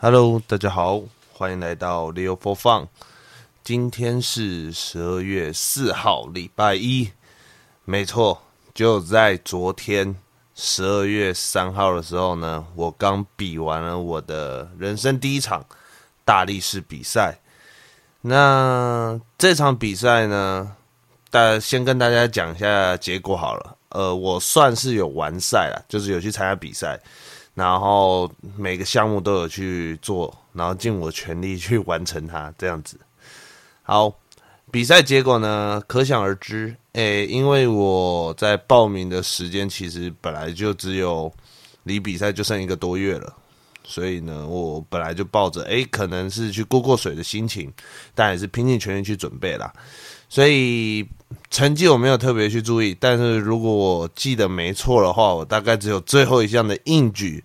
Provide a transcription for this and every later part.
Hello，大家好，歡迎來到 Leo for Fun。今天是十二月四號，禮拜一。沒錯，就在昨天十二月三號的時候呢，我剛比完了我的人生第一場大力士比賽。那這場比賽呢，大家先跟大家講一下結果好了。呃，我算是有完賽了，就是有去參加比賽。然後每個項目都有去做，然後盡我全力去完成它，這樣子。好，比賽結果呢，可想而知，誒，因為我在報名的時間其實本來就只有離比賽就剩一個多月了，所以呢，我本來就抱着，誒，可能是去過過水的心情，但也是拼盡全力去準備啦。所以成績我沒有特別去注意，但是如果我記得沒錯的話，我大概只有最後一項的硬舉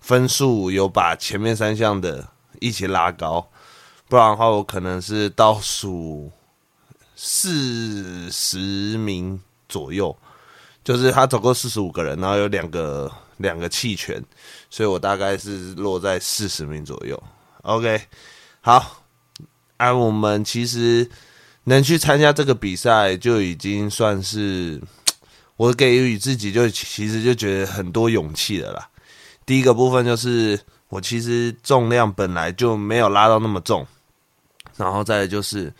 分數有把前面三項的一起拉高，不然的話我可能是倒數四十名左右，就是他總共四十五個人，然後有兩個兩個棄權，所以我大概是落在四十名左右。OK，好，啊我們其實。能去參加這個比賽就已經算是我給予自己，就其實就覺得很多勇氣的啦。第一個部分就是我其實重量本來就沒有拉到那麼重，然後再來就是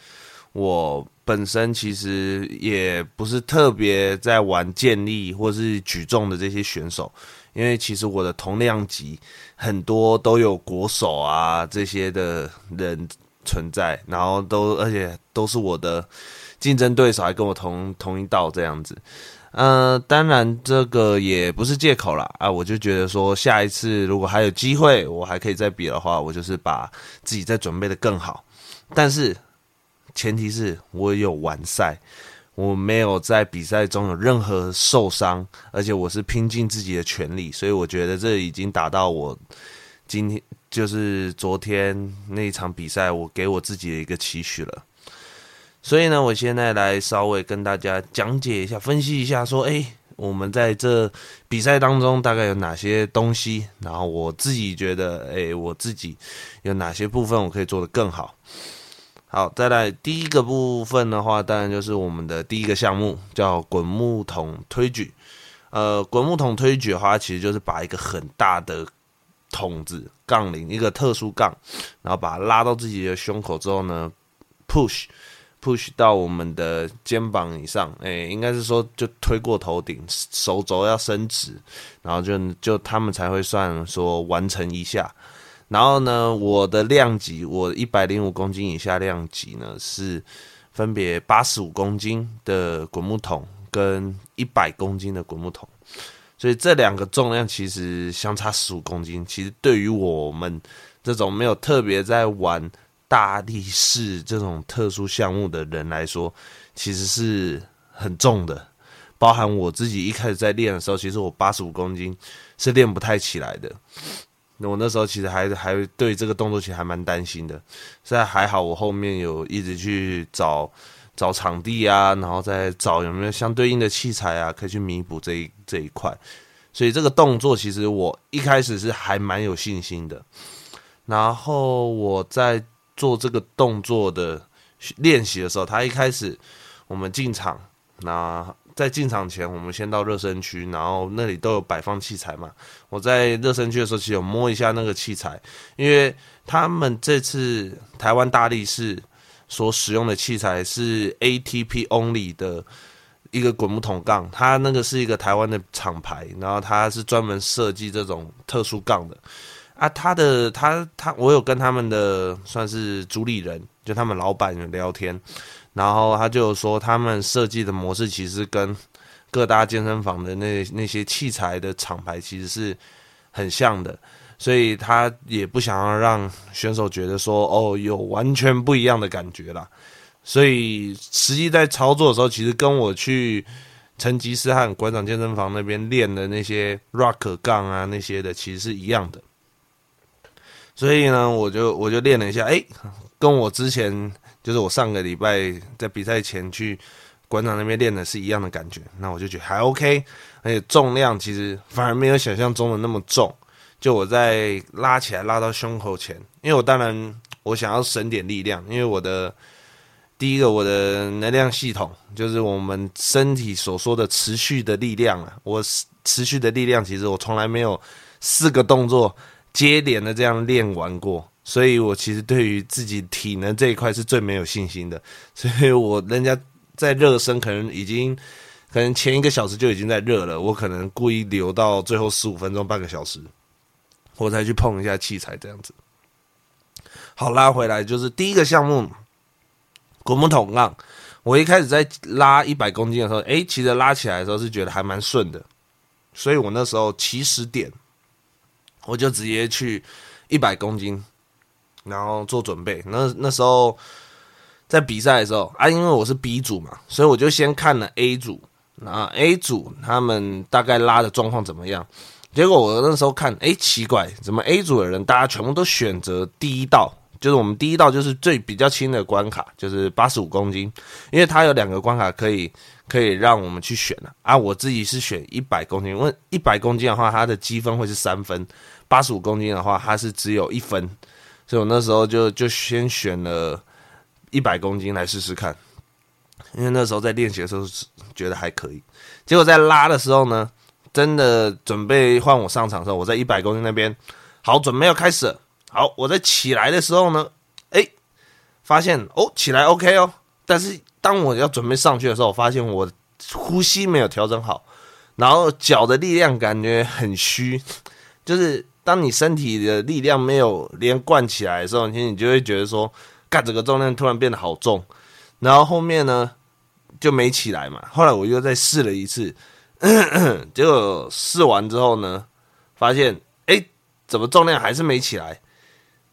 我本身其實也不是特別在玩健力或是舉重的這些選手，因為其實我的同量級很多都有國手啊這些的人。存在，然後都而且都是我的競爭對手，還跟我同同一道這樣子。呃，當然這個也不是借口啦。啊！我就覺得說，下一次如果還有機會，我還可以再比的話，我就是把自己再準備得更好。但是前提是，我有完賽，我沒有在比賽中有任何受傷，而且我是拼盡自己的全力，所以我覺得這已經達到我今天。就是昨天那場比賽，我給我自己的一個期許了。所以呢，我現在來稍微跟大家講解一下、分析一下，說：哎，我們在這比賽當中大概有哪些東西？然後我自己覺得，哎，我自己有哪些部分我可以做得更好？好，再來第一個部分的話，當然就是我們的第一個項目叫滾木桶推舉。呃，滾木桶推舉的話，其實就是把一個很大的。筒子槓鈴一個特殊槓，然後把它拉到自己的胸口之後呢，push push 到我們的肩膀以上，哎、欸，應該是說就推過頭頂，手肘要伸直，然後就就他們才會算說完成一下。然後呢，我的量級，我一百零五公斤以下量級呢是分別八十五公斤的滾木桶跟一百公斤的滾木桶。所以這兩個重量其實相差十五公斤，其實對於我們這種沒有特別在玩大力士這種特殊項目的人來說，其實是很重的。包含我自己一開始在練的時候，其實我八十五公斤是練不太起來的。那我那時候其實還還對這個動作其實還蠻擔心的。現在還好，我後面有一直去找。找場地啊，然後再找有沒有相對應的器材啊，可以去彌補這一這一塊。所以這個動作其實我一開始是還蠻有信心的。然後我在做這個動作的練習的時候，他一開始我們進場，那在進場前我們先到熱身區，然後那裡都有擺放器材嘛。我在熱身區的時候，其實有摸一下那個器材，因為他們這次台灣大力士，所使用的器材是 ATP only 的一個滾木桶槓，它那個是一個台灣的廠牌，然後它是專門設計這種特殊槓的啊。他的他他，我有跟他們的算是主理人，就他們老闆聊天，然後他就說他們設計的模式其實跟各大健身房的那那些器材的廠牌其實是很像的。所以他也不想要讓選手覺得說哦，有完全不一樣的感覺啦，所以實際在操作的時候，其實跟我去成吉思汗館長健身房那邊練的那些 rock 槓啊那些的其實是一樣的。所以呢，我就我就練了一下，哎、欸，跟我之前就是我上個禮拜在比賽前去館長那邊練的是一樣的感覺。那我就覺得還 OK，而且重量其實反而沒有想象中的那麼重。就我在拉起來，拉到胸口前，因為我當然我想要省點力量，因為我的第一個我的能量系統就是我們身體所說的持續的力量啊，我持續的力量其實我從來沒有四個動作接連的這樣練完過，所以我其實對於自己體能這一塊是最沒有信心的。所以我人家在熱身可能已經可能前一個小時就已經在熱了，我可能故意留到最後十五分鐘半個小時。我才去碰一下器材，這樣子。好，拉回來就是第一個項目，滾木桶槓。我一開始在拉一百公斤的時候，誒，其實拉起來的時候是覺得還蠻順的，所以我那時候起始點，我就直接去一百公斤，然後做準備那。那那時候在比賽的時候啊，因為我是 B 組嘛，所以我就先看了 A 組，那 A 組他們大概拉的狀況怎麼樣？結果我那時候看，哎、欸，奇怪，怎麼 A 組的人大家全部都選擇第一道，就是我們第一道就是最比較輕的關卡，就是八十五公斤，因為它有兩個關卡可以可以讓我們去選的啊，啊。我自己是選一百公斤，因為一百公斤的話，它的積分會是三分，八十五公斤的話，它是只有一分，所以我那時候就就先選了一百公斤來試試看，因為那時候在練習的時候是覺得還可以，結果在拉的時候呢。真的準備換我上場的時候，我在一百公斤那邊，好，準備要開始了。好，我在起來的時候呢，哎，發現哦，起來 OK 哦。但是當我要準備上去的時候，我發現我呼吸沒有調整好，然後腳的力量感覺很虛。就是當你身體的力量沒有連貫起來的時候，其實你就會覺得說，幹這個重量突然變得好重，然後後面呢就沒起來嘛。後來我又再試了一次。 結果試完之後呢，發現哎、欸，怎麼重量還是沒起來？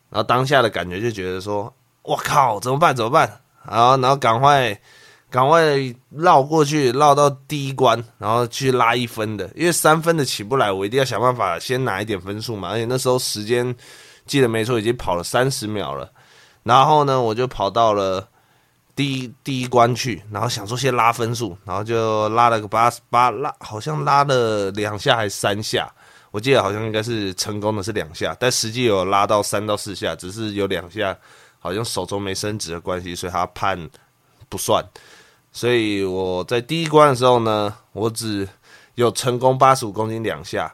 然後當下的感覺就覺得說，我靠，怎麼辦？怎麼辦？然後然後趕快趕快繞過去，繞到第一關，然後去拉一分的，因為三分的起不來，我一定要想辦法先拿一點分數嘛。而且那時候時間記得沒錯，已經跑了三十秒了。然後呢，我就跑到了。第一第一關去，然後想說先拉分數，然後就拉了個八十八，拉好像拉了兩下還是三下，我記得好像應該是成功的是兩下，但實際有拉到三到四下，只是有兩下好像手中沒伸直的關係，所以他判不算。所以我在第一關的時候呢，我只有成功八十五公斤兩下，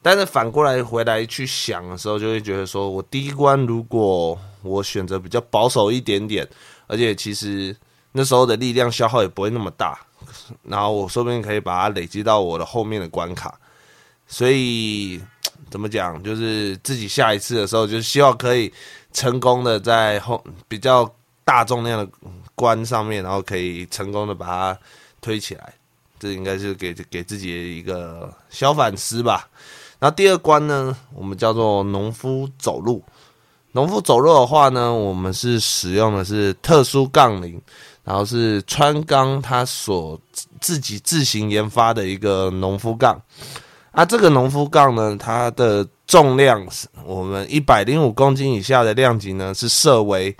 但是反過來回來去想的時候，就會覺得說我第一關如果我選擇比較保守一點點。而且其實那時候的力量消耗也不會那麼大，然後我說不定可以把它累積到我的後面的關卡。所以怎麼講，就是自己下一次的時候，就希望可以成功的在後比較大重量的關上面，然後可以成功的把它推起來。這應該是給給自己的一個小反思吧。然後第二關呢，我們叫做農夫走路。農夫走路的話呢，我們是使用的是特殊槓鈴，然後是川鋼他所自己自行研發的一個農夫槓。啊，這個農夫槓呢，它的重量是，我們一百零五公斤以下的量級呢，是設為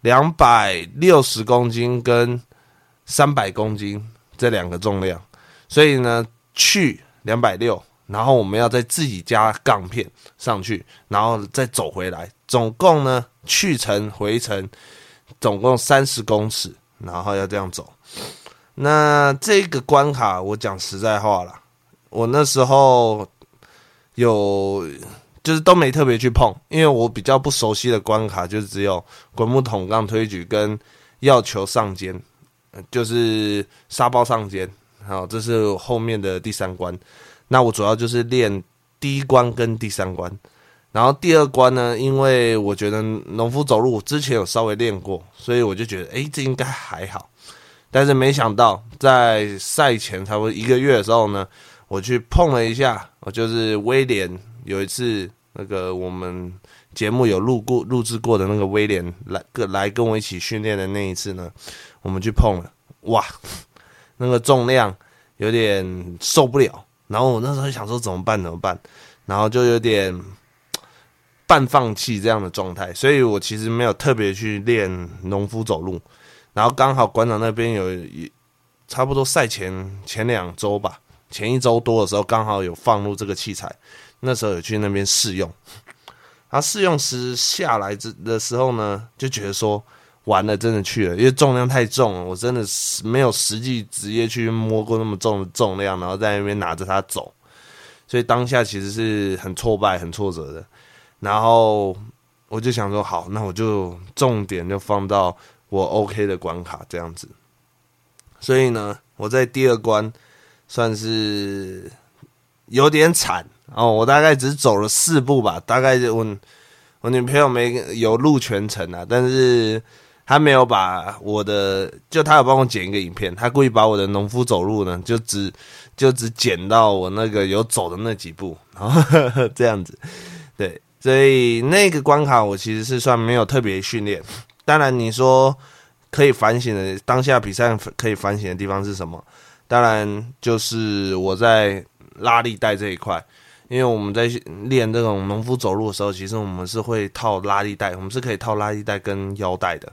兩百六十公斤跟三百公斤這兩個重量。所以呢，去兩百六。然後我們要再自己加槓片上去，然後再走回來，總共呢，去程回程總共三十公尺，然後要這樣走。那這個關卡我講實在話啦，我那時候有就是都沒特別去碰，因為我比較不熟悉的關卡就只有滾木桶、槓推舉跟藥球上肩，就是沙包上肩。好，這是後面的第三關。那我主要就是練第一關跟第三關，然後第二關呢，因為我覺得農夫走路我之前有稍微練過，所以我就覺得哎、欸，這應該還好。但是沒想到在賽前差不多一個月的時候呢，我去碰了一下，我就是威廉有一次那個我們節目有錄過錄制過的那個威廉來跟來跟我一起訓練的那一次呢，我們去碰了，哇，那個重量有點受不了。然後我那時候想說，怎麼辦怎麼辦，然後就有點半放棄這樣的狀態，所以我其實沒有特別去練農夫走路。然後剛好館長那邊有差不多賽前前兩週吧，前一週多的時候，剛好有放入這個器材，那時候有去那邊試用。啊，試用時下來之的時候呢，就覺得說。完了真的去了，因為重量太重了，我真的沒有實際直接去摸過那麼重的重量，然後在那邊拿着它走，所以當下其實是很挫敗、很挫折的。然後我就想說，好，那我就重點就放到我 OK 的關卡這樣子。所以呢，我在第二關算是有點慘，哦。我大概只走了四步吧，大概我我女朋友沒有錄全程啊，但是。他沒有把我的，就他有幫我剪一個影片，他故意把我的農夫走路呢，就只就只剪到我那個有走的那幾步，然後呵呵這樣子，對，所以那個關卡我其實是算沒有特別訓練。當然，你說可以反省的當下比賽可以反省的地方是什麼？當然就是我在拉力帶這一塊。因為我們在練這種農夫走路的時候，其實我們是會套拉力帶，我們是可以套拉力帶跟腰帶的。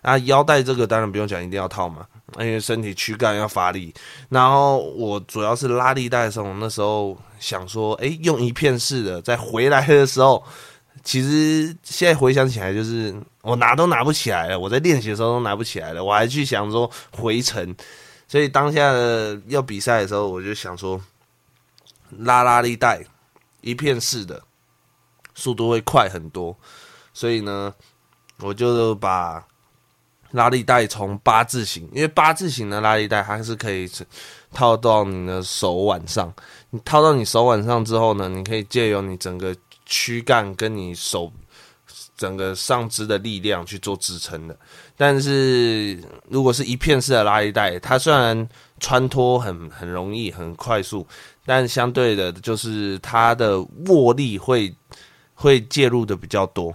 啊，腰帶這個當然不用講，一定要套嘛，啊，因為身體軀幹要發力。然後我主要是拉力帶的時候，我那時候想說，哎，用一片式的。在回來的時候，其實現在回想起來，就是我拿都拿不起來了。我在練習的時候都拿不起來了，我還去想說回程。所以當下的要比賽的時候，我就想說拉拉力帶，一片式的，速度會快很多，所以呢，我就把拉力帶從八字形，因為八字形的拉力帶它還是可以套到你的手腕上。你套到你手腕上之後呢，你可以借由你整個軀幹跟你手整個上肢的力量去做支撐的。但是如果是一片式的拉力帶，它雖然穿脫很很容易，很快速。但相對的，就是它的握力會會介入的比較多，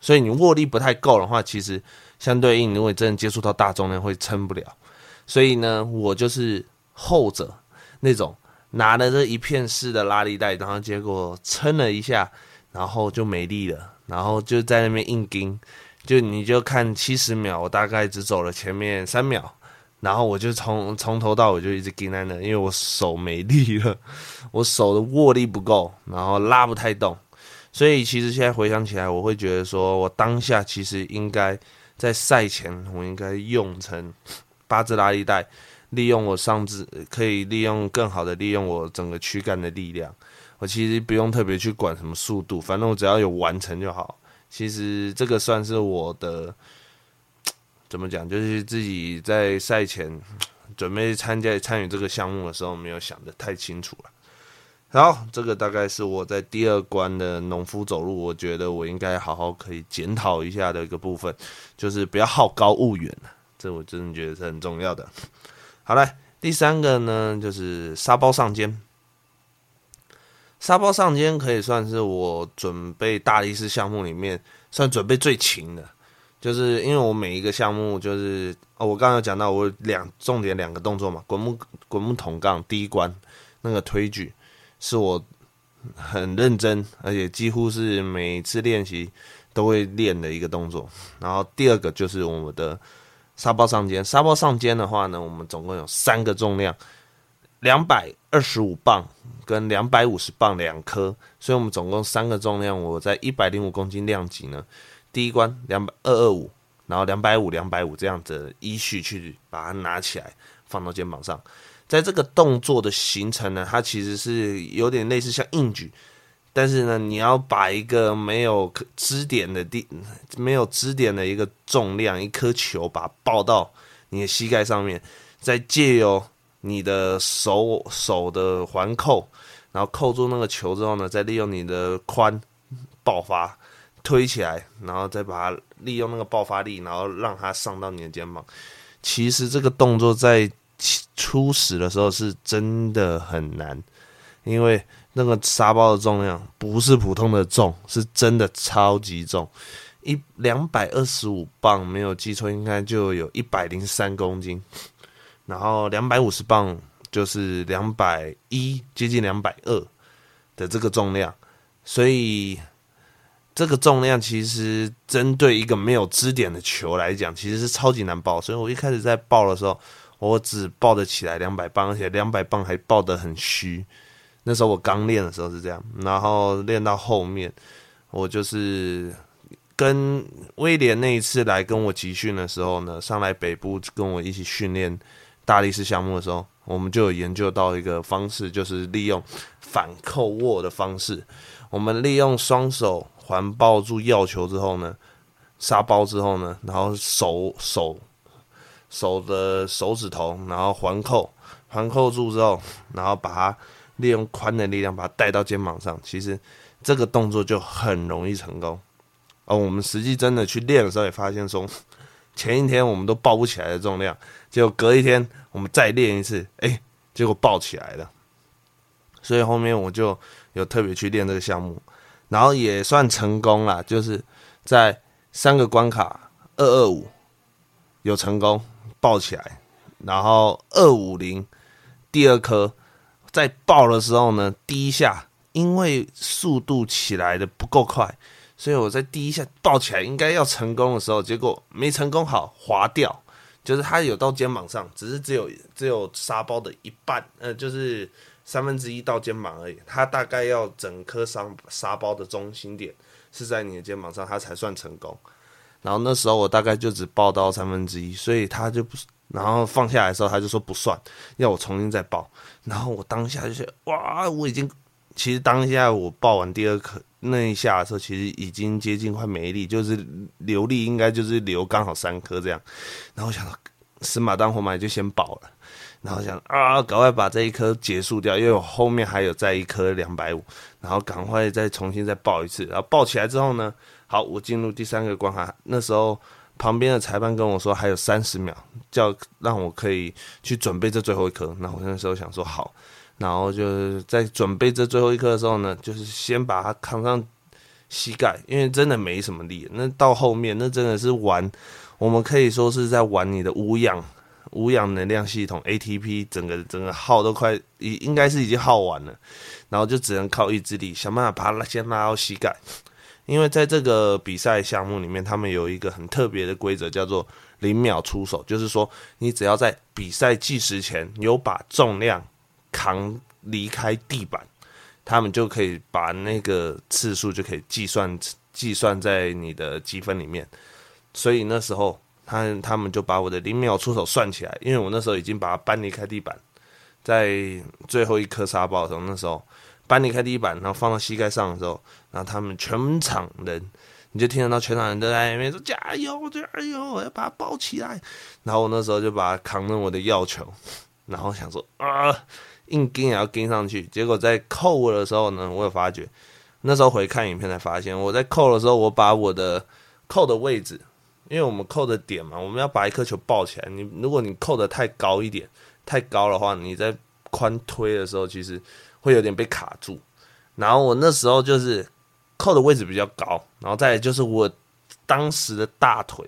所以你握力不太夠的話，其實相對應，如果真的接觸到大重量會撐不了。所以呢，我就是後者那種，拿了這一片式的拉力帶，然後結果撐了一下，然後就沒力了，然後就在那邊硬撐，就你就看七十秒，我大概只走了前面三秒。然後我就從從頭到尾就一直艱難的，因為我手沒力了，我手的握力不夠，然後拉不太動。所以其實現在回想起來，我會覺得說我當下其實應該在賽前，我應該用成八字拉力帶，利用我上肢可以利用更好的利用我整個軀幹的力量。我其實不用特別去管什麼速度，反正我只要有完成就好。其實這個算是我的。怎麼講？就是自己在賽前準備參加參與這個項目的時候，沒有想的太清楚了。好，這個大概是我在第二關的農夫走路，我覺得我應該好好可以檢討一下的一個部分，就是不要好高騖遠，這我真的覺得是很重要的。好了，第三個呢，就是沙包上肩。沙包上肩可以算是我準備大力士項目裡面算準備最勤的。就是因為我每一個項目，就是哦，我剛才講到我兩重點兩個動作嘛，滾木滾木桶槓第一關那個推舉是我很認真，而且幾乎是每次練習都會練的一個動作。然後第二個就是我們的沙包上肩，沙包上肩的話呢，我們總共有三個重量，兩百二十五磅跟兩百五十磅兩顆，所以我們總共三個重量，我在一百零五公斤量級呢。第一關兩百二二五，然後兩百五兩百五這樣子依序去把它拿起來，放到肩膀上。在這個動作的形成呢，它其實是有點類似像硬舉，但是呢，你要把一個沒有支點的地，沒有支點的一個重量，一顆球把它抱到你的膝蓋上面，再借由你的手手的環扣，然後扣住那個球之後呢，再利用你的髖爆發。推起來，然後再把它利用那個爆發力，然後讓它上到你的肩膀。其實這個動作在初始的時候是真的很難，因為那個沙包的重量不是普通的重，是真的超級重，一兩百二十五磅，沒有記錯，應該就有一百零三公斤。然後兩百五十磅就是兩百一，接近兩百二的這個重量，所以。這個重量其實針對一個沒有支點的球來講，其實是超級難抱，所以我一開始在抱的時候，我只抱得起來兩百磅，而且兩百磅還抱得很虛。那時候我剛練的時候是這樣。然後練到後面，我就是跟威廉那一次來跟我集訓的時候呢，上來北部跟我一起訓練大力士項目的時候，候我們就有研究到一個方式，就是利用反扣握的方式，我們利用雙手。環抱住藥球之後呢，沙包之後呢，然後手手手的手指頭，然後環扣環扣住之後，然後把它利用髖的力量把它帶到肩膀上。其實這個動作就很容易成功。啊、哦，我們實際真的去練的時候也發現說，說前一天我們都抱不起來的重量，結果隔一天我們再練一次，哎，結果抱起來了。所以後面我就有特別去練這個項目。然後也算成功啦，就是在三個關卡二二五，有成功抱起來，然後二五零第二顆在抱的時候呢，第一下因為速度起來的不夠快，所以我在第一下抱起來應該要成功的時候，結果沒成功好，滑掉，就是它有到肩膀上，只是只有只有沙包的一半，呃，就是。三分之一到肩膀而已，他大概要整顆沙沙包的中心點是在你的肩膀上，它才算成功。然後那時候我大概就只抱到三分之一，所以他就不然後放下來的時候他就說不算，要我重新再抱。然後我當下就是哇，我已經其實當下我抱完第二顆那一下的時候，其實已經接近快沒力，就是流力應該就是流剛好三顆這樣。然後我想到死馬當活馬醫，就先抱了。然後想啊，趕快把這一顆結束掉，因為我後面還有再一顆兩百五，然後趕快再重新再抱一次。然後抱起來之後呢，好，我進入第三個關卡。那時候旁邊的裁判跟我說還有三十秒，叫讓我可以去準備這最後一顆。那我那時候想說好，然後就是在準備這最後一顆的時候呢，就是先把它扛上膝蓋，因為真的沒什麼力。那到後面那真的是玩，我們可以說是在玩你的無氧。無氧能量系統 ATP 整個整個耗都快，應該是已經耗完了，然後就只能靠意志力想辦法把他先拉到膝蓋。因為在這個比賽項目裡面，他們有一個很特別的規則，叫做零秒出手，就是說你只要在比賽計時前有把重量扛離開地板，他們就可以把那個次數就可以計算計算在你的積分裡面。所以那時候。他他們就把我的零秒出手算起來，因為我那時候已經把它搬離開地板，在最後一顆沙包的時候，那時候搬離開地板，然後放到膝蓋上的時候，然後他們全場人你就聽得到全場人都在那邊說加油，加油，我要把它抱起來。然後我那時候就把它扛着我的藥球，然後想說啊，硬跟也要跟上去。結果在扣我的時候呢，我有發覺，那時候回看影片才發現，我在扣的時候我把我的扣的位置。因為我們扣的點嘛，我們要把一顆球抱起來。你如果你扣的太高一點，太高的話，你在寬推的時候，其實會有點被卡住。然後我那時候就是扣的位置比較高，然後再來就是我當時的大腿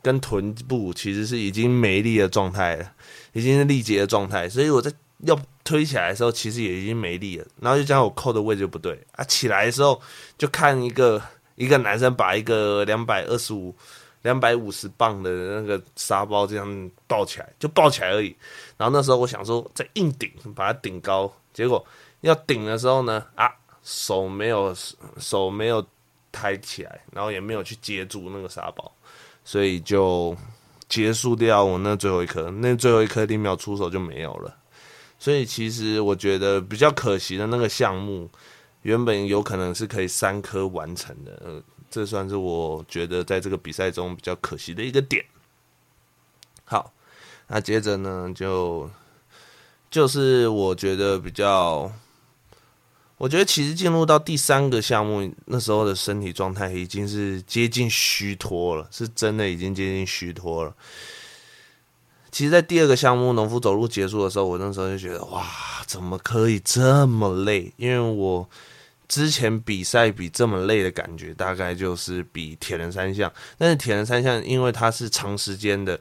跟臀部其實是已經沒力的狀態了，已經是力竭的狀態。所以我在要推起來的時候，其實也已經沒力了。然後就這樣我扣的位置就不對啊，起來的時候就看一個一個男生把一個兩百二十五。兩百五十磅的那個沙包，這樣抱起來就抱起來而已。然後那時候我想說再硬頂，把它頂高。結果要頂的時候呢，啊，手沒有手沒有抬起來，然後也沒有去接住那個沙包，所以就結束掉我那最後一顆。那最後一顆一秒出手就沒有了。所以其實我覺得比較可惜的那個項目，原本有可能是可以三顆完成的。這算是我覺得在這個比賽中比較可惜的一個點。好，那接着呢，就就是我覺得比較，我覺得其實進入到第三個項目，那時候的身體狀態已經是接近虛脫了，是真的已經接近虛脫了。其實在第二個項目，農夫走路結束的時候，我那時候就覺得，哇，怎麼可以這麼累？因為我，之前比賽比這麼累的感覺，大概就是比鐵人三項。但是鐵人三項因為它是長時間的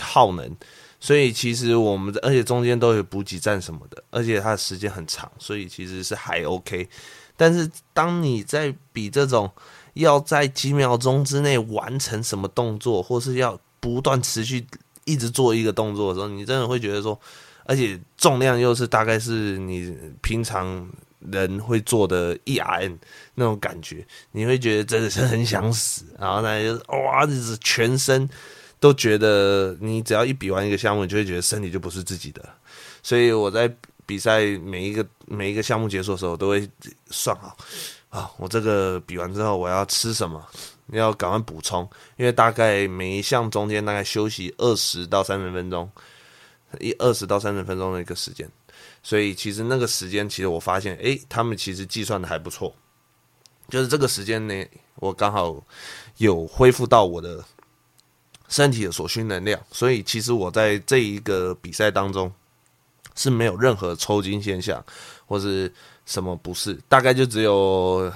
耗能，所以其實我們而且中間都有補給站什麼的，而且它的時間很長，所以其實是還 OK。但是當你在比這種要在幾秒鐘之內完成什麼動作，或是要不斷持續一直做一個動作的時候，你真的會覺得說，而且重量又是大概是你平常。人會做的 E R N 那種感覺，你會覺得真的是很想死，嗯、然後呢，就哇，就是全身都覺得你只要一比完一個項目，你就會覺得身體就不是自己的。所以我在比賽每一個每一個項目結束的時候，我都會算好啊，我這個比完之後我要吃什麼，要趕快補充，因為大概每一項中間大概休息二十到三十分鐘，一二十到三十分鐘的一個時間。所以其實那個時間，其實我發現，誒、欸，他們其實計算的還不錯，就是這個時間呢，我剛好有恢復到我的身體的所需能量，所以其實我在這一個比賽當中是沒有任何抽筋現象或者什麼不適，大概就只有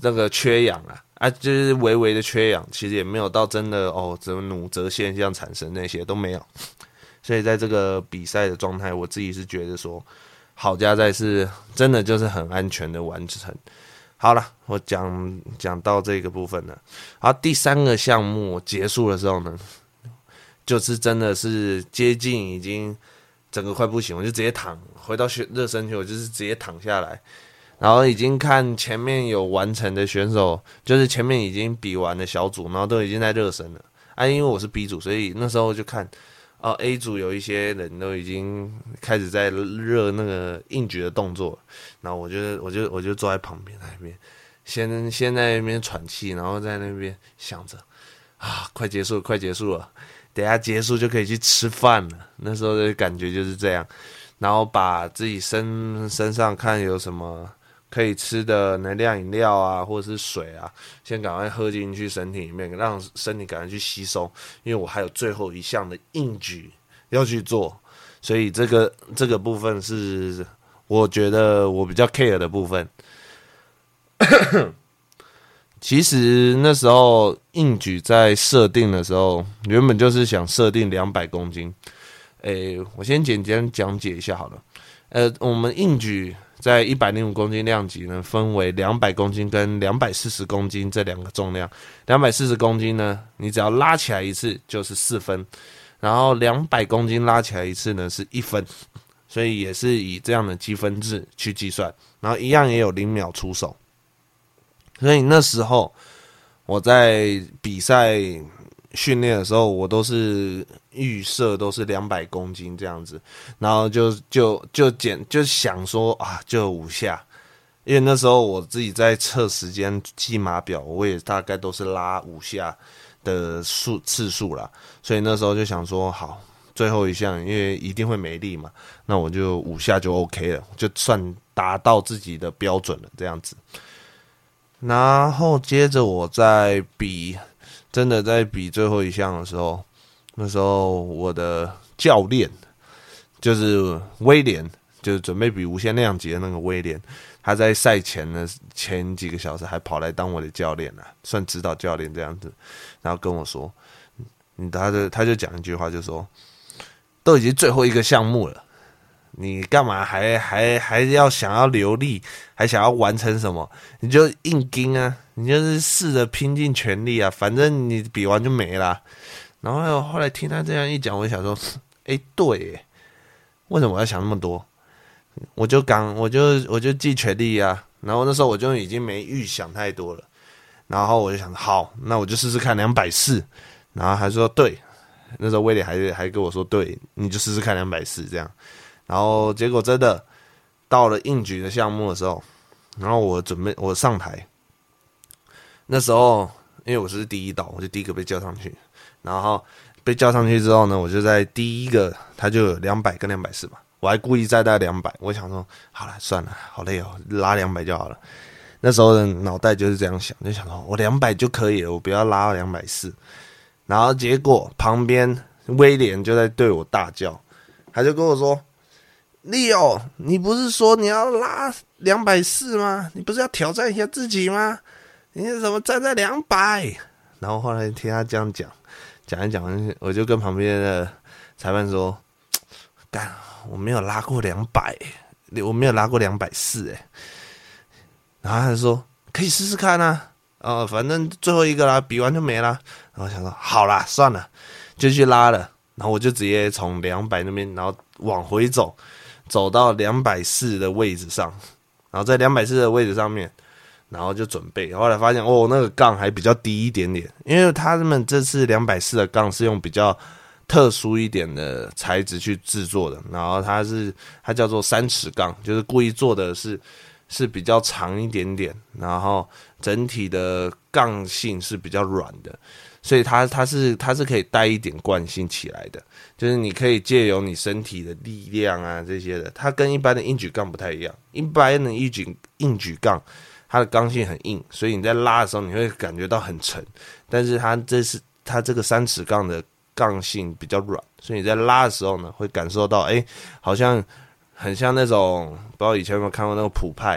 那個缺氧啊，啊，就是微微的缺氧，其實也沒有到真的哦，什麼骨折現象產生，那些都沒有。所以在這個比賽的狀態，我自己是覺得說，好加在是真的就是很安全的完成。好了，我講講到這個部分了。然後第三個項目結束的時候呢，就是真的是接近已經整個快不行，我就直接躺回到熱身區。我就是直接躺下來，然後已經看前面有完成的選手，就是前面已經比完的小組，然後都已經在熱身了。啊因為我是 B 組，所以那時候就看。哦、oh，A 組有一些人都已經開始在熱那個硬舉的動作，然後我就我就我就坐在旁邊那邊，先先在那邊喘氣，然後在那邊想着，啊，快結束，快結束了，等一下結束就可以去吃飯了。那時候的感覺就是這樣，然後把自己身身上看有什麼。可以吃的能量飲料啊，或者是水啊，先趕快喝進去身體裡面，讓身體趕快去吸收。因為我還有最後一項的硬舉要去做，所以這個這個部分是我覺得我比較 care 的部分。 其實那時候硬舉在設定的時候，原本就是想設定兩百公斤。誒、欸，我先簡單講解一下好了。呃，我們硬舉。在一百零五公斤量級呢，分為兩百公斤跟兩百四十公斤這兩個重量。兩百四十公斤呢，你只要拉起來一次就是四分，然後兩百公斤拉起來一次呢是一分，所以也是以這樣的積分制去計算。然後一樣也有零秒出手，所以那時候我在比賽。訓練的時候，我都是預設都是兩百公斤這樣子，然後就就就減就想說啊，就五下，因為那時候我自己在測時間計碼表，我也大概都是拉五下的數次數啦，所以那時候就想說好，最後一項因為一定會沒力嘛，那我就五下就 OK 了，就算達到自己的標準了這樣子，然後接着我再比。真的在比最後一項的時候，那時候我的教練就是威廉，就是準備比無限量級的那個威廉，他在賽前的前幾個小時還跑來當我的教練吶，算指導教練這樣子，然後跟我說，他就他就講一句話，就說都已經最後一個項目了。你幹嘛還還還要想要留力，還想要完成什麼？你就硬拼啊！你就是試着拼盡全力啊！反正你比完就沒了啊。然後後來聽他這樣一講，我想說：哎，對耶，為什麼我要想那麼多？我就講，我就我就盡全力啊！然後那時候我就已經沒預想太多了。然後我就想，好，那我就試試看兩百四。然後還說對，那時候威廉還還跟我說，對，你就試試看兩百四這樣。然後結果真的到了硬舉的項目的時候，然後我準備我上台，那時候因為我是第一道，我就第一個被叫上去。然後被叫上去之後呢，我就在第一個，他就有兩百跟兩百四嘛，我還故意再帶兩百，我想說好了算了，好累哦，拉兩百就好了。那時候的腦袋就是這樣想，就想說我兩百就可以了，我不要拉兩百四。然後結果旁邊威廉就在對我大叫，他就跟我說。Leo，你不是說你要拉兩百四嗎？你不是要挑戰一下自己嗎？你怎麼站在兩百？然後後來聽他這樣講，講一講，我就跟旁邊的裁判說：“幹，我沒有拉過兩百，我沒有拉過兩百四。”哎，然後他說：“可以試試看啊，呃，反正最後一個啦，比完就沒了。”然後我想說：“好啦，算了，就去拉了。”然後我就直接從兩百那邊，然後往回走。走到兩百四的位置上，然後在兩百四的位置上面，然後就準備。後來發現，哦，那個槓還比較低一點點，因為他們這次兩百四的槓是用比較特殊一點的材質去製作的，然後它是它叫做三尺槓，就是故意做的是是比較長一點點，然後整體的槓性是比較軟的。所以它它是它是可以帶一點慣性起來的，就是你可以借由你身體的力量啊這些的。它跟一般的硬舉槓不太一樣，一般的硬舉硬舉槓，它的剛性很硬，所以你在拉的時候，你會感覺到很沉。但是它這是它這個三尺槓的槓性比較軟，所以你在拉的時候呢，會感受到，欸，好像很像那種，不知道以前有沒有看過那個普派，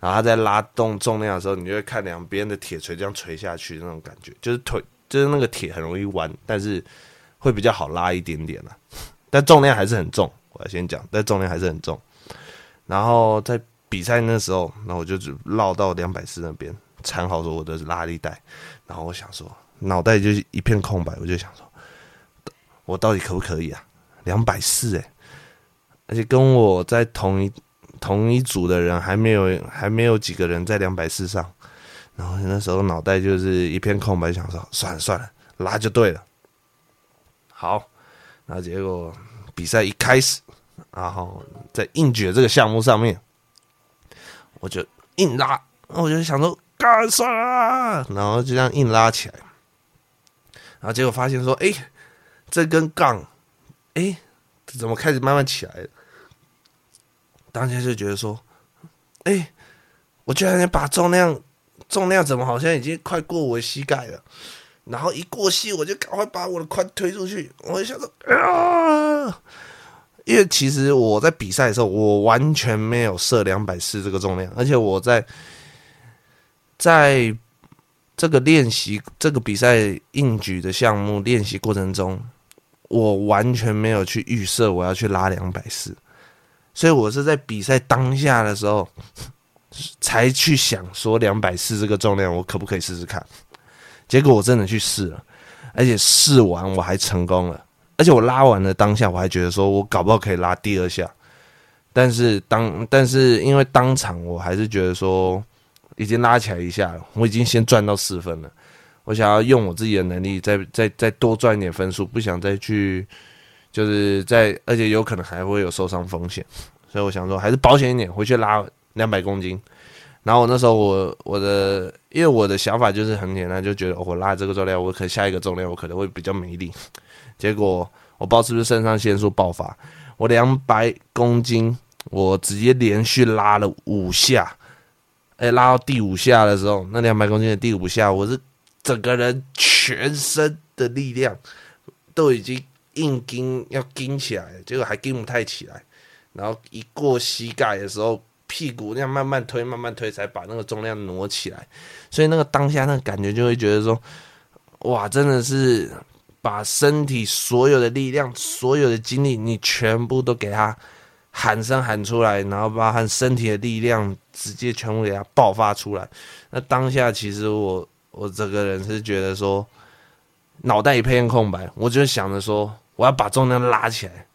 然後他在拉動重量的時候，你就會看兩邊的鐵錘這樣垂下去那種感覺，就是腿。就是那個鐵很容易彎，但是會比較好拉一點點了，啊，但重量還是很重。我要先講，但重量還是很重。然後在比賽那時候，那我就只繞到兩百四那邊，纏好說我的拉力帶。然後我想說，腦袋就是一片空白。我就想說，我到底可不可以啊？兩百四哎，而且跟我在同一同一組的人，還沒有還沒有幾個人在兩百四上。然後那時候腦袋就是一片空白，想說算了算了，拉就對了。好，然後結果比賽一開始，然後在硬舉這個項目上面，我就硬拉，我就想說幹算了、啊，然後就這樣硬拉起來。然後結果發現說，哎，這根槓，哎，怎麼開始慢慢起來了？當下就覺得說，哎，我居然能把重量。樣。重量怎麼好像已經快過我的膝蓋了？然後一過膝，我就趕快把我的髖推出去。我就想啊，因為其實我在比賽的時候，我完全沒有設兩百四這個重量，而且我在在這個練習、這個比賽硬舉的項目練習過程中，我完全沒有去預設我要去拉兩百四，所以我是在比賽當下的時候。才去想說兩百四這個重量我可不可以試試看，結果我真的去試了，而且試完我還成功了，而且我拉完了當下我還覺得說我搞不好可以拉第二下，但是當但是因為當場我還是覺得說已經拉起來一下，我已經先賺到四分了，我想要用我自己的能力再再再，再多賺一點分數，不想再去就是在而且有可能還會有受傷風險，所以我想說還是保險一點回去拉。兩百公斤，然後我那時候我我的，因為我的想法就是很簡單，就覺得、哦、我拉這個重量，我可能下一個重量我可能會比較沒力。結果我不知道是不是腎上腺素爆發，我兩百公斤，我直接連續拉了五下。哎、欸，拉到第五下的時候，那兩百公斤的第五下，我是整個人全身的力量都已經硬撐要撐起來了，結果還撐不太起來。然後一過膝蓋的時候。屁股那樣慢慢推，慢慢推，才把那個重量挪起來。所以那個當下那個感覺，就會覺得說，哇，真的是把身體所有的力量、所有的精力，你全部都給它喊聲喊出來，然後把他身體的力量直接全部給它爆發出來。那當下其實我我整個人是覺得說，腦袋一片空白，我就想着說，我要把重量拉起來。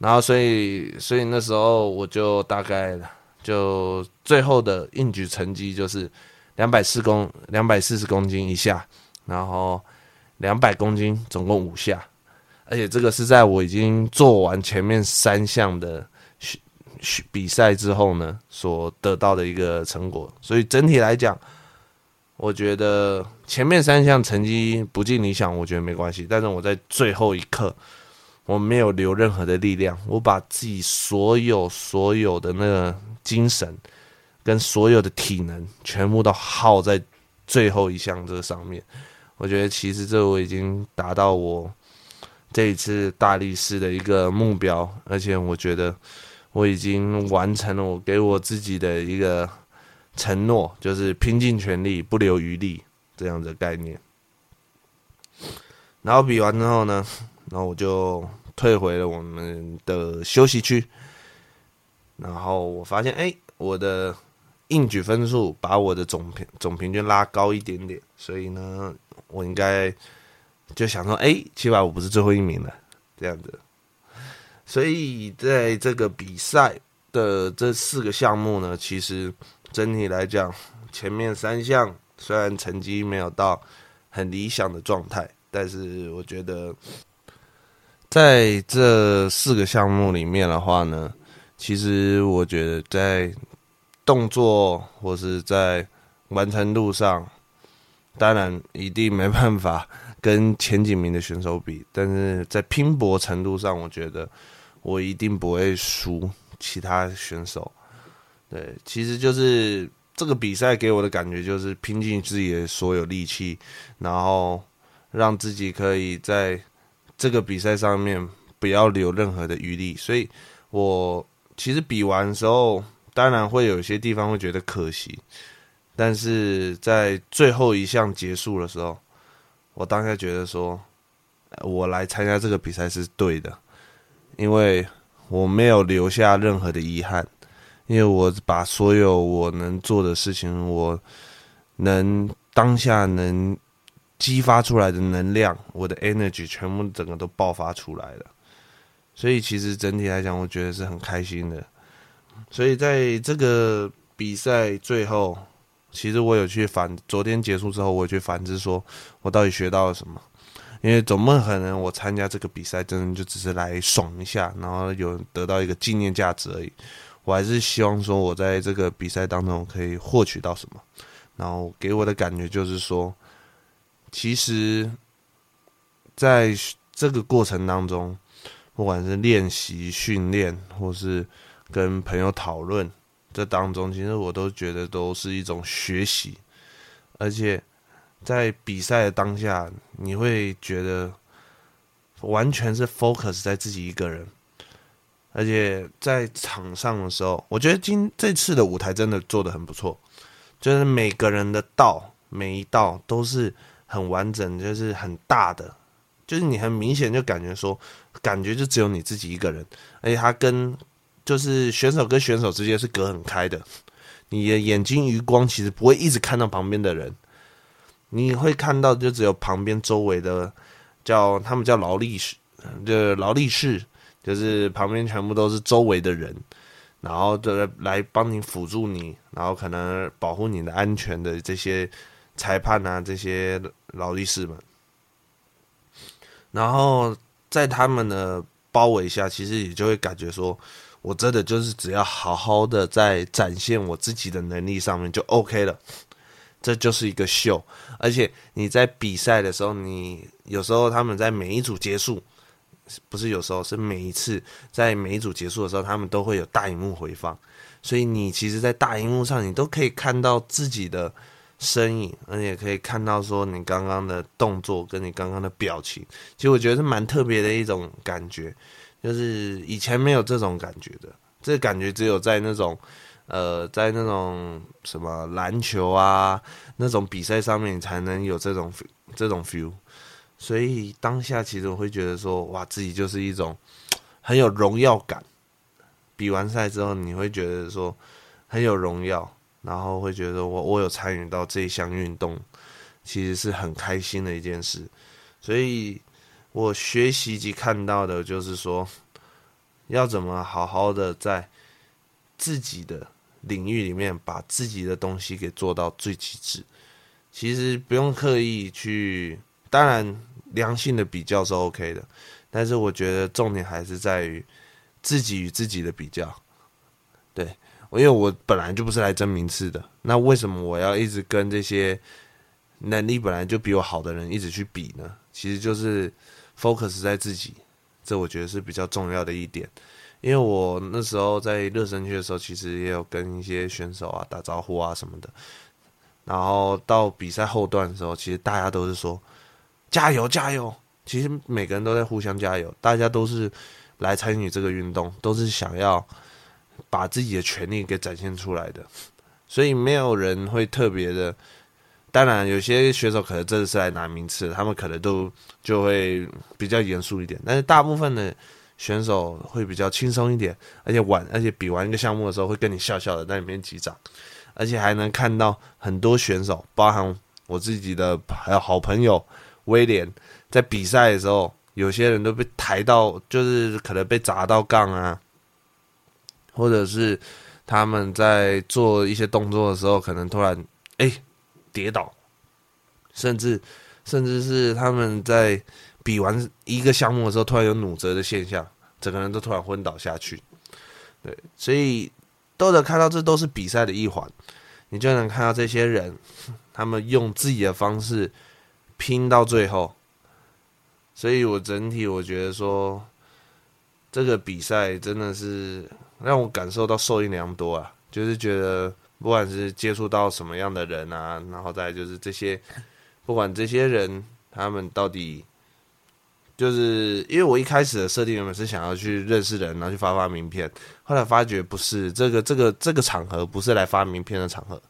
然後，所以，所以那時候我就大概就最後的硬舉成績就是兩百四公兩百四十公斤以下，然後兩百公斤，總共五下，而且這個是在我已經做完前面三項的比比賽之後呢，所得到的一個成果。所以整體來講，我覺得前面三項成績不盡理想，我覺得沒關係，但是我在最後一刻。我沒有留任何的力量，我把自己所有所有的那個精神跟所有的體能全部都耗在最後一項這個上面。我覺得其實這我已經達到我這一次大力士的一個目標，而且我覺得我已經完成了我給我自己的一個承諾，就是拼盡全力，不留餘力這樣的概念。然後比完之後呢，然後我就。退回了我們的休息區，然後我發現，哎、欸，我的硬舉分數把我的總平總平均拉高一點點，所以呢，我應該就想說，哎、欸，起碼我不是最後一名的，這樣子。所以在這個比賽的這四個項目呢，其實整體來講，前面三項雖然成績沒有到很理想的狀態，但是我覺得。在這四個項目裡面的話呢，其實我覺得在動作或是在完成度上，當然一定沒辦法跟前幾名的選手比，但是在拼搏程度上，我覺得我一定不會輸其他選手。對，其實就是這個比賽給我的感覺就是拼盡自己的所有力氣，然後讓自己可以在。這個比賽上面不要留任何的餘力，所以，我其實比完的時候，當然會有些地方會覺得可惜，但是在最後一項結束的時候，我當下覺得說，我來參加這個比賽是對的，因為我沒有留下任何的遺憾，因為我把所有我能做的事情，我能當下能。激發出來的能量，我的 energy 全部整個都爆發出來了，所以其實整體來講，我覺得是很開心的。所以在這個比賽最後，其實我有去反，昨天結束之後，我去反思說我到底學到了什麼？因為總不可能我參加這個比賽，真的就只是來爽一下，然後有得到一個紀念價值而已。我還是希望說，我在這個比賽當中可以獲取到什麼，然後給我的感覺就是說。其實，在這個過程當中，不管是練習、訓練，或是跟朋友討論，這當中，其實我都覺得都是一種學習。而且，在比賽的當下，你會覺得完全是 focus 在自己一個人。而且在場上的時候，我覺得今這次的舞台真的做得很不錯，就是每個人的道，每一道都是。很完整，就是很大的，就是你很明顯就感覺說，感覺就只有你自己一個人，而且他跟就是選手跟選手之間是隔很開的，你的眼睛餘光其實不會一直看到旁邊的人，你會看到就只有旁邊周圍的叫他們叫勞力士，就是勞力士，就是旁邊全部都是周圍的人，然後就來幫你輔助你，然後可能保護你的安全的這些。裁判啊，這些勞力士們，然後在他們的包圍下，其實也就會感覺說，我真的就是只要好好的在展現我自己的能力上面就 OK 了。這就是一個秀，而且你在比賽的時候，你有時候他們在每一組結束，不是有時候是每一次在每一組結束的時候，他們都會有大熒幕回放，所以你其實，在大熒幕上你都可以看到自己的。身影，而且可以看到說你剛剛的動作跟你剛剛的表情，其實我覺得是蠻特別的一種感覺，就是以前沒有這種感覺的，這個感覺只有在那種，呃，在那種什麼籃球啊那種比賽上面你才能有這種這種 feel，所以當下其實我會覺得說，哇，自己就是一種很有榮耀感，比完賽之後你會覺得說很有榮耀。然後會覺得我我有參與到這一項運動，其實是很開心的一件事，所以我學習及看到的就是說，要怎麼好好的在自己的領域裡面把自己的東西給做到最極致。其實不用刻意去，當然良性的比較是 OK 的，但是我覺得重點還是在於自己與自己的比較，對。因為我本來就不是來爭名次的，那為什麼我要一直跟這些能力本來就比我好的人一直去比呢？其實就是 focus 在自己，這我覺得是比較重要的一點。因為我那時候在熱身區的時候，其實也有跟一些選手啊打招呼啊什麼的。然後到比賽後段的時候，其實大家都是說加油加油。其實每個人都在互相加油，大家都是來參與這個運動，都是想要。把自己的權利給展現出來的，所以沒有人會特別的。當然，有些選手可能真的是來拿名次，他們可能都就會比較嚴肅一點。但是大部分的選手會比較輕鬆一點，而且玩，而且比完一個項目的時候會跟你笑笑的在裡面擊掌，而且還能看到很多選手，包含我自己的還有好朋友威廉，在比賽的時候，有些人都被抬到，就是可能被砸到槓啊。或者是他們在做一些動作的時候，可能突然哎、欸、跌倒，甚至甚至是他們在比完一個項目的時候，突然有努責的現象，整個人都突然昏倒下去。對，所以都能看到這都是比賽的一環，你就能看到這些人他們用自己的方式拼到最後。所以我整體我覺得說這個比賽真的是。讓我感受到受益良多啊！就是覺得不管是接觸到什麼樣的人啊，然後再就是這些，不管這些人他們到底，就是因為我一開始的設定原本是想要去認識人，然後去發發名片，後來發覺不是這個這個這個場合不是來發名片的場合，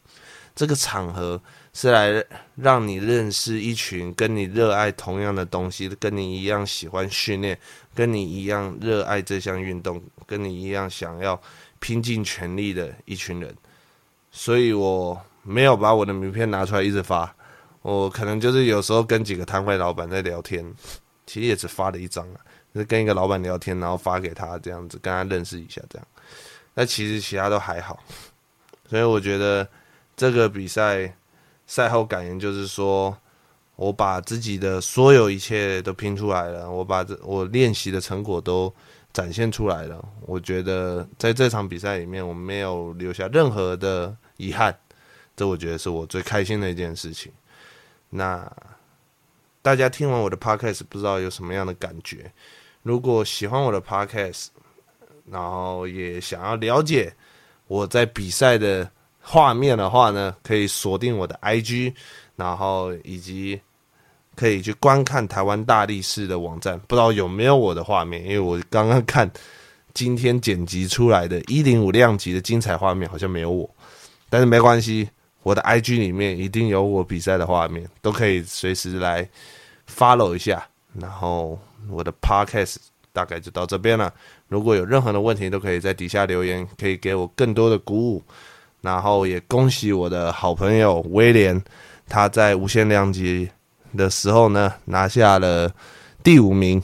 這個場合是來讓你認識一群跟你熱愛同樣的東西，跟你一樣喜歡訓練。跟你一樣熱愛這項運動，跟你一樣想要拼盡全力的一群人，所以我沒有把我的名片拿出來一直發，我可能就是有時候跟幾個攤位老闆在聊天，其實也只發了一張啊，就是跟一個老闆聊天，然後發給他這樣子，跟他認識一下這樣，但其實其他都還好，所以我覺得這個比賽賽後感言就是說。我把自己的所有一切都拼出來了，我把這我練習的成果都展現出來了。我覺得在這場比賽裡面，我沒有留下任何的遺憾，這我覺得是我最開心的一件事情。那大家聽完我的 podcast，不知道有什麼樣的感覺？如果喜歡我的 podcast，然後也想要了解我在比賽的畫面的話呢，可以鎖定我的 IG，然後以及。可以去觀看台灣大力士的網站，不知道有沒有我的畫面？因為我剛剛看今天剪輯出來的105量級的精彩畫面，好像沒有我，但是沒關係，我的 IG 裡面一定有我比賽的畫面，都可以隨時來 follow 一下。然後我的 podcast 大概就到這邊了，如果有任何的問題都可以在底下留言，可以給我更多的鼓舞。然後也恭喜我的好朋友威廉，他在無限量級。的時候呢，拿下了第五名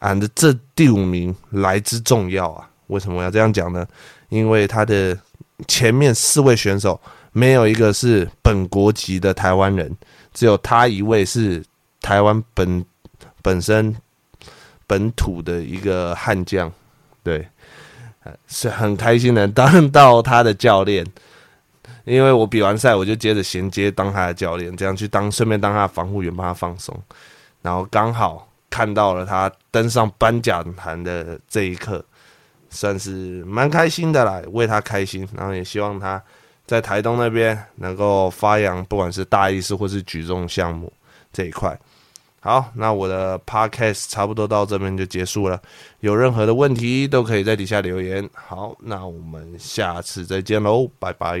，and、啊、這第五名來之重要啊！為什麼我要這樣講呢？因為他的前面四位選手沒有一個是本國籍的台灣人，只有他一位是台灣本本身本土的一個悍將，對，是很開心能當到他的教練。因為我比完賽，我就接着銜接當他的教練，這樣去當順便當他的防護員，幫他放鬆。然後剛好看到了他登上頒獎台的這一刻，算是蠻開心的啦，為他開心。然後也希望他，在台東那邊能夠發揚，不管是大力士或是舉重項目這一塊。好，那我的 podcast 差不多到這邊就結束了。有任何的問題都可以在底下留言。好，那我們下次再見嘍，拜拜。